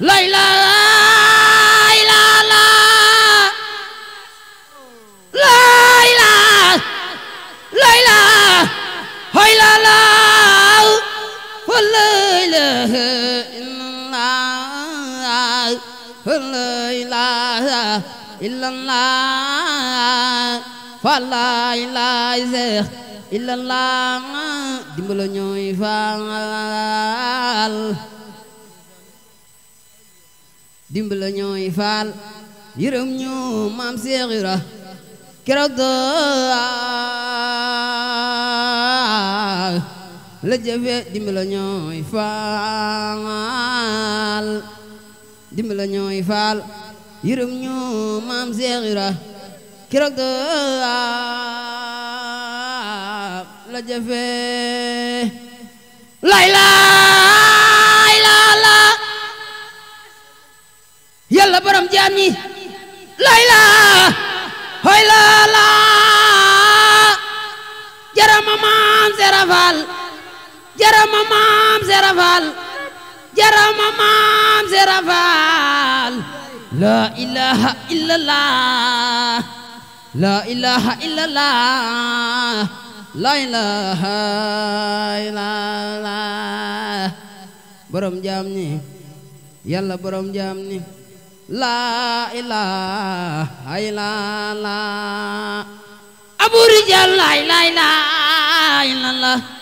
Lạy la ai la la, Lạy la Lạy la Hay la la, Phân lời là la, Phân lời là Ilan la pha la ila izeh Ilan la Dimbalo nyoy fang Al dimbala ñooy faal yërëm ñu maam Seex Ibra keroog ah, la jëfe dimbala ñooy faal dimbala ñooy faal yërëm ñu maam Seex Ibra keroog ah, la jëfe lay la yàlla borom jaam ñi lay la hoy la la jarama maam serafal jarama maam serafal jarama maam serafal la ilaha illallah la ilaha illallah la ilaha illallah borom jaam ñi yàlla borom jaam ñi laa ilaaha illallaah abu rijaal laa ilaaha illallaah